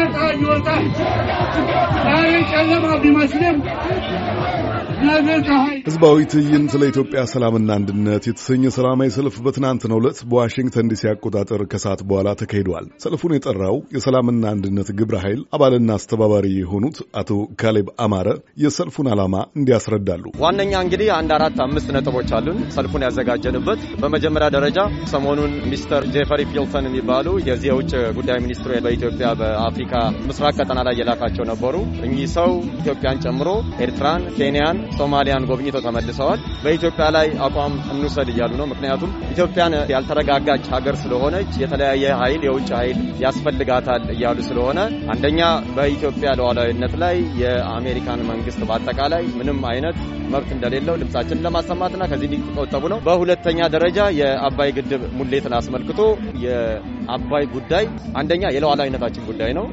Thank you. ዛሬ ጨለማ ቢመስልም ህዝባዊ ትዕይንት ለኢትዮጵያ ሰላምና አንድነት የተሰኘ ሰላማዊ ሰልፍ በትናንትናው ዕለት በዋሽንግተን ዲሲ አቆጣጠር ከሰዓት በኋላ ተካሂደዋል። ሰልፉን የጠራው የሰላምና አንድነት ግብረ ኃይል አባልና አስተባባሪ የሆኑት አቶ ካሌብ አማረ የሰልፉን ዓላማ እንዲያስረዳሉ። ዋነኛ እንግዲህ አንድ አራት አምስት ነጥቦች አሉን ሰልፉን ያዘጋጀንበት። በመጀመሪያ ደረጃ ሰሞኑን ሚስተር ጄፈሪ ፒልተን የሚባሉ የዚህ የውጭ ጉዳይ ሚኒስትሩ በኢትዮጵያ በአፍሪካ ምስራቅ ቀጠና ላይ የላካቸው ነበሩ። እኚህ ሰው ኢትዮጵያን ጨምሮ ኤርትራን፣ ኬንያን፣ ሶማሊያን ጎብኝተው ተመልሰዋል። በኢትዮጵያ ላይ አቋም እንውሰድ እያሉ ነው። ምክንያቱም ኢትዮጵያን ያልተረጋጋች ሀገር ስለሆነች የተለያየ ኃይል የውጭ ኃይል ያስፈልጋታል እያሉ ስለሆነ አንደኛ በኢትዮጵያ ሉዓላዊነት ላይ የአሜሪካን መንግስት በአጠቃላይ ምንም አይነት መብት እንደሌለው ድምጻችንን ለማሰማትና ከዚህ እንዲቆጠቡ ነው። በሁለተኛ ደረጃ የአባይ ግድብ ሙሌትን አስመልክቶ የአባይ ጉዳይ አንደኛ የሉዓላዊነታችን ጉዳይ ነው።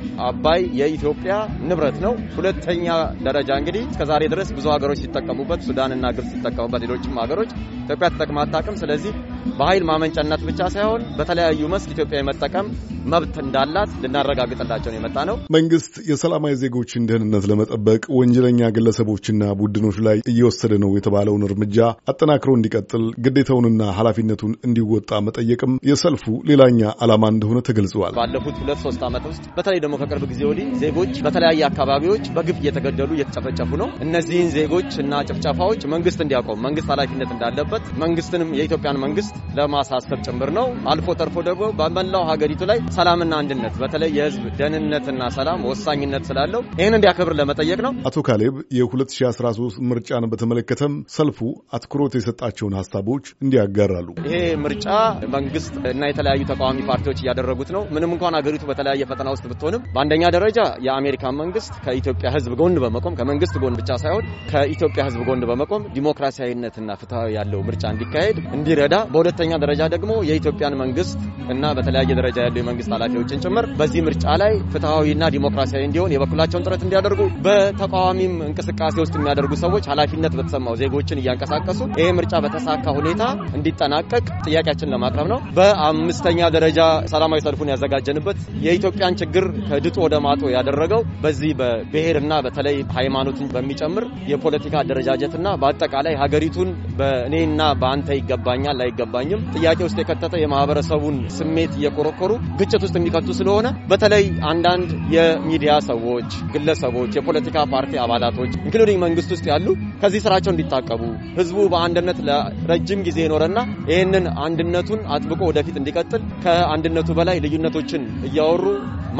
አባይ የኢትዮጵያ ንብረት ነው። ሁለተኛ ደረጃ እንግዲህ እስከዛሬ ድረስ ብዙ ሀገሮች ሲጠቀሙበት፣ ሱዳንና ግብጽ ሲጠቀሙበት፣ ሌሎችም ሀገሮች ኢትዮጵያ ተጠቅማ አታውቅም። ስለዚህ በኃይል ማመንጫነት ብቻ ሳይሆን በተለያዩ መስክ ኢትዮጵያ የመጠቀም መብት እንዳላት ልናረጋግጥላቸው ነው የመጣ ነው። መንግስት የሰላማዊ ዜጎችን ደህንነት ለመጠበቅ ወንጀለኛ ግለሰቦችና ቡድኖች ላይ እየወሰደ ነው የተባለውን እርምጃ አጠናክሮ እንዲቀጥል ግዴታውንና ኃላፊነቱን እንዲወጣ መጠየቅም የሰልፉ ሌላኛ ዓላማ እንደሆነ ተገልጸዋል። ባለፉት ሁለት ሶስት ዓመት ውስጥ በተለይ ደግሞ ከቅርብ ጊዜ ወዲህ ዜጎች በተለያየ አካባቢዎች በግፍ እየተገደሉ እየተጨፈጨፉ ነው። እነዚህን ዜጎች እና ጭፍጨፋዎች መንግስት እንዲያቆም መንግስት ኃላፊነት እንዳለበት መንግስትንም የኢትዮጵያን መንግስት ለማሳሰብ ጭምር ነው። አልፎ ተርፎ ደግሞ በመላው ሀገሪቱ ላይ ሰላምና አንድነት በተለይ የህዝብ ደህንነትና ሰላም ወሳኝነት ስላለው ይህን እንዲያከብር ለመጠየቅ ነው። አቶ ካሌብ የ2013 ምርጫን በተመለከተም ሰልፉ አትኩሮት የሰጣቸውን ሀሳቦች እንዲያጋራሉ። ይሄ ምርጫ መንግስት እና የተለያዩ ተቃዋሚ ፓርቲዎች እያደረጉት ነው። ምንም እንኳን ሀገሪቱ በተለያየ ፈተና ውስጥ ብትሆንም በአንደኛ ደረጃ የአሜሪካ መንግስት ከኢትዮጵያ ህዝብ ጎን በመቆም ከመንግስት ጎን ብቻ ሳይሆን ከኢትዮጵያ ህዝብ ጎን በመቆም ዲሞክራሲያዊነትና ፍትሐዊ ያለው ምርጫ እንዲካሄድ እንዲረዳ በሁለተኛ ደረጃ ደግሞ የኢትዮጵያን መንግስት እና በተለያየ ደረጃ ያሉ የመንግስት ኃላፊዎችን ጭምር በዚህ ምርጫ ላይ ፍትሐዊና ዲሞክራሲያዊ እንዲሆን የበኩላቸውን ጥረት እንዲያደርጉ በተቃዋሚም እንቅስቃሴ ውስጥ የሚያደርጉ ሰዎች ኃላፊነት በተሰማው ዜጎችን እያንቀሳቀሱ ይህ ምርጫ በተሳካ ሁኔታ እንዲጠናቀቅ ጥያቄያችን ለማቅረብ ነው። በአምስተኛ ደረጃ ሰላማዊ ሰልፉን ያዘጋጀንበት የኢትዮጵያን ችግር ከድጡ ወደ ማጦ ያደረገው በዚህ በብሔርና በተለይ ሃይማኖትን በሚጨምር የፖለቲካ አደረጃጀትና በአጠቃላይ ሀገሪቱን በእኔና በአንተ ይገባኛል ላይገባ አልገባኝም። ጥያቄ ውስጥ የከተተ የማህበረሰቡን ስሜት እየኮረኮሩ ግጭት ውስጥ የሚከቱ ስለሆነ በተለይ አንዳንድ የሚዲያ ሰዎች፣ ግለሰቦች፣ የፖለቲካ ፓርቲ አባላቶች ኢንክሉዲንግ መንግስት ውስጥ ያሉ ከዚህ ስራቸው እንዲታቀቡ ህዝቡ በአንድነት ለረጅም ጊዜ የኖረና ይህንን አንድነቱን አጥብቆ ወደፊት እንዲቀጥል ከአንድነቱ በላይ ልዩነቶችን እያወሩ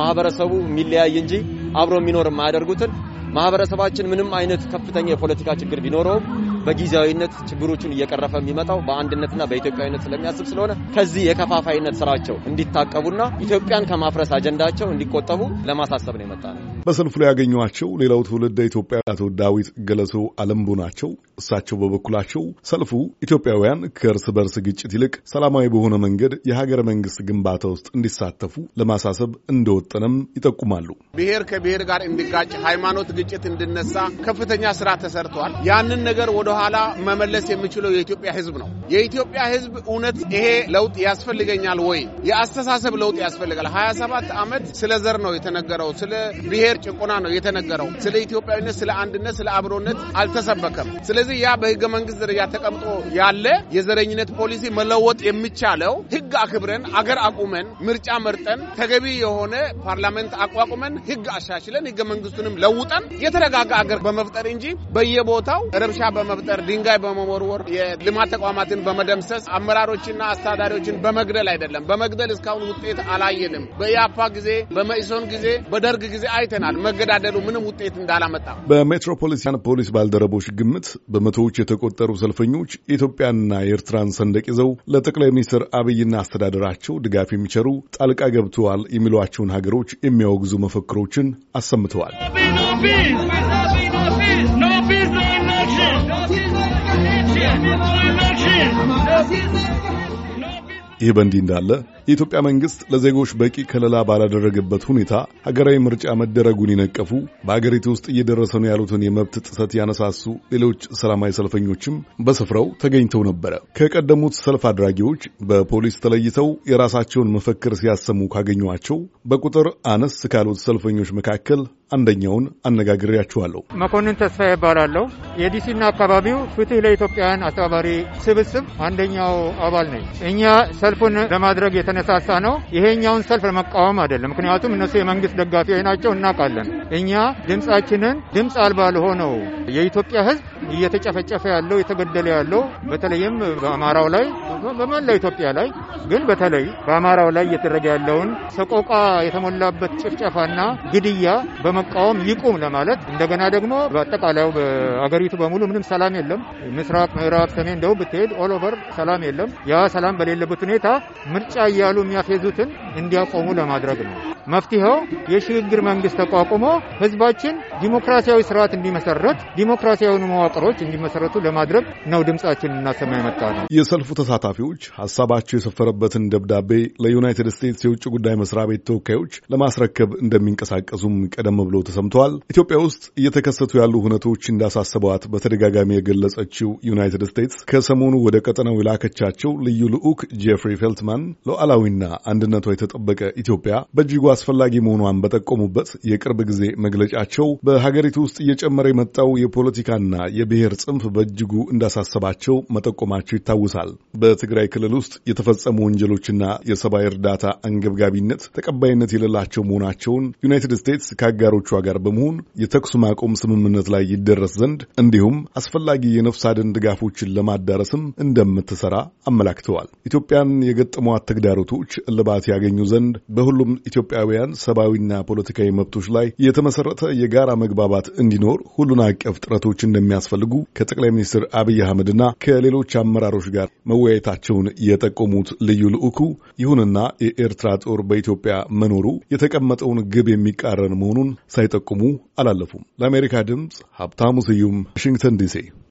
ማህበረሰቡ የሚለያይ እንጂ አብሮ የሚኖር የማያደርጉትን ማህበረሰባችን ምንም አይነት ከፍተኛ የፖለቲካ ችግር ቢኖረውም በጊዜያዊነት ችግሮቹን እየቀረፈ የሚመጣው በአንድነትና በኢትዮጵያዊነት ስለሚያስብ ስለሆነ ከዚህ የከፋፋይነት ስራቸው እንዲታቀቡና ኢትዮጵያን ከማፍረስ አጀንዳቸው እንዲቆጠቡ ለማሳሰብ ነው የመጣ ነው። በሰልፉ ላይ ያገኟቸው ሌላው ትውልደ ኢትዮጵያ አቶ ዳዊት ገለሶ አለምቡ ናቸው። እሳቸው በበኩላቸው ሰልፉ ኢትዮጵያውያን ከእርስ በርስ ግጭት ይልቅ ሰላማዊ በሆነ መንገድ የሀገረ መንግስት ግንባታ ውስጥ እንዲሳተፉ ለማሳሰብ እንደወጠነም ይጠቁማሉ። ብሔር ከብሔር ጋር እንዲጋጭ፣ ሃይማኖት ግጭት እንዲነሳ ከፍተኛ ስራ ተሰርተዋል። ያንን ነገር ወደኋላ መመለስ የሚችለው የኢትዮጵያ ህዝብ ነው። የኢትዮጵያ ህዝብ እውነት ይሄ ለውጥ ያስፈልገኛል ወይ? የአስተሳሰብ ለውጥ ያስፈልጋል። 27 ዓመት ስለ ዘር ነው የተነገረው ስለ ብሔር የዘር ጭቆና ነው የተነገረው። ስለ ኢትዮጵያዊነት፣ ስለ አንድነት፣ ስለ አብሮነት አልተሰበከም። ስለዚህ ያ በህገ መንግስት ደረጃ ተቀምጦ ያለ የዘረኝነት ፖሊሲ መለወጥ የሚቻለው ህግ አክብረን አገር አቁመን ምርጫ መርጠን ተገቢ የሆነ ፓርላመንት አቋቁመን ህግ አሻሽለን ህገ መንግስቱንም ለውጠን የተረጋጋ አገር በመፍጠር እንጂ በየቦታው ረብሻ በመፍጠር ድንጋይ በመወርወር የልማት ተቋማትን በመደምሰስ አመራሮችና አስተዳዳሪዎችን በመግደል አይደለም። በመግደል እስካሁን ውጤት አላየንም። በኢያፓ ጊዜ፣ በመኢሶን ጊዜ፣ በደርግ ጊዜ አይተናል። ይሆናል። መገዳደሉ ምንም ውጤት እንዳላመጣ በሜትሮፖሊታን ፖሊስ ባልደረቦች ግምት በመቶዎች የተቆጠሩ ሰልፈኞች ኢትዮጵያንና የኤርትራን ሰንደቅ ይዘው ለጠቅላይ ሚኒስትር አብይና አስተዳደራቸው ድጋፍ የሚቸሩ ጣልቃ ገብተዋል የሚሏቸውን ሀገሮች የሚያወግዙ መፈክሮችን አሰምተዋል። ይህ በእንዲህ እንዳለ የኢትዮጵያ መንግሥት ለዜጎች በቂ ከለላ ባላደረገበት ሁኔታ ሀገራዊ ምርጫ መደረጉን የነቀፉ በአገሪቱ ውስጥ እየደረሰ ነው ያሉትን የመብት ጥሰት ያነሳሱ ሌሎች ሰላማዊ ሰልፈኞችም በስፍራው ተገኝተው ነበረ። ከቀደሙት ሰልፍ አድራጊዎች በፖሊስ ተለይተው የራሳቸውን መፈክር ሲያሰሙ ካገኟቸው በቁጥር አነስ ካሉት ሰልፈኞች መካከል አንደኛውን አነጋግሬያችኋለሁ። መኮንን ተስፋ ይባላለሁ የዲሲና አካባቢው ፍትህ ለኢትዮጵያውያን አስተባባሪ ስብስብ አንደኛው አባል ነኝ። እኛ ሰልፉን ለማድረግ የተነሳሳ ነው። ይሄኛውን ሰልፍ ለመቃወም አይደለም። ምክንያቱም እነሱ የመንግስት ደጋፊ ናቸው፣ እናውቃለን። እኛ ድምፃችንን ድምፅ አልባ ለሆነው የኢትዮጵያ ህዝብ እየተጨፈጨፈ ያለው የተገደለ ያለው በተለይም በአማራው ላይ በመላው ኢትዮጵያ ላይ ግን በተለይ በአማራው ላይ እየተደረገ ያለውን ሰቆቃ የተሞላበት ጭፍጨፋና ግድያ በመቃወም ይቁም ለማለት እንደገና ደግሞ በአጠቃላዩ በአገሪቱ በሙሉ ምንም ሰላም የለም። ምስራቅ፣ ምዕራብ፣ ሰሜን፣ ደቡብ ብትሄድ ኦል ኦቨር ሰላም የለም። ያ ሰላም በሌለበት ሁኔታ ምርጫ እያሉ የሚያፌዙትን እንዲያቆሙ ለማድረግ ነው። መፍትሄው የሽግግር መንግስት ተቋቁሞ ህዝባችን ዲሞክራሲያዊ ስርዓት እንዲመሰረት ዲሞክራሲያዊ መዋቅሮች እንዲመሰረቱ ለማድረግ ነው ድምጻችን እናሰማ የመጣ ነው። የሰልፉ ተሳታፊዎች ሀሳባቸው የሰፈረበትን ደብዳቤ ለዩናይትድ ስቴትስ የውጭ ጉዳይ መስሪያ ቤት ተወካዮች ለማስረከብ እንደሚንቀሳቀሱም ቀደም ብሎ ተሰምተዋል። ኢትዮጵያ ውስጥ እየተከሰቱ ያሉ ሁነቶች እንዳሳሰቧት በተደጋጋሚ የገለጸችው ዩናይትድ ስቴትስ ከሰሞኑ ወደ ቀጠናው የላከቻቸው ልዩ ልዑክ ጄፍሪ ፌልትማን ሉዓላዊና አንድነቷ የተጠበቀ ኢትዮጵያ በእጅጉ አስፈላጊ መሆኗን በጠቆሙበት የቅርብ ጊዜ መግለጫቸው በሀገሪቱ ውስጥ እየጨመረ የመጣው የፖለቲካና የብሔር ጽንፍ በእጅጉ እንዳሳሰባቸው መጠቆማቸው ይታወሳል። በትግራይ ክልል ውስጥ የተፈጸሙ ወንጀሎችና የሰብአዊ እርዳታ አንገብጋቢነት ተቀባይነት የሌላቸው መሆናቸውን ዩናይትድ ስቴትስ ከአጋሮቿ ጋር በመሆን የተኩስ ማቆም ስምምነት ላይ ይደረስ ዘንድ እንዲሁም አስፈላጊ የነፍስ አድን ድጋፎችን ለማዳረስም እንደምትሰራ አመላክተዋል። ኢትዮጵያን የገጠሟት ተግዳሮቶች እልባት ያገኙ ዘንድ በሁሉም ኢትዮጵያ ኢትዮጵያውያን ሰብአዊና ፖለቲካዊ መብቶች ላይ የተመሰረተ የጋራ መግባባት እንዲኖር ሁሉን አቀፍ ጥረቶች እንደሚያስፈልጉ ከጠቅላይ ሚኒስትር አብይ አህመድና ከሌሎች አመራሮች ጋር መወያየታቸውን የጠቆሙት ልዩ ልዑኩ፣ ይሁንና የኤርትራ ጦር በኢትዮጵያ መኖሩ የተቀመጠውን ግብ የሚቃረን መሆኑን ሳይጠቁሙ አላለፉም። ለአሜሪካ ድምፅ ሀብታሙ ስዩም ዋሽንግተን ዲሲ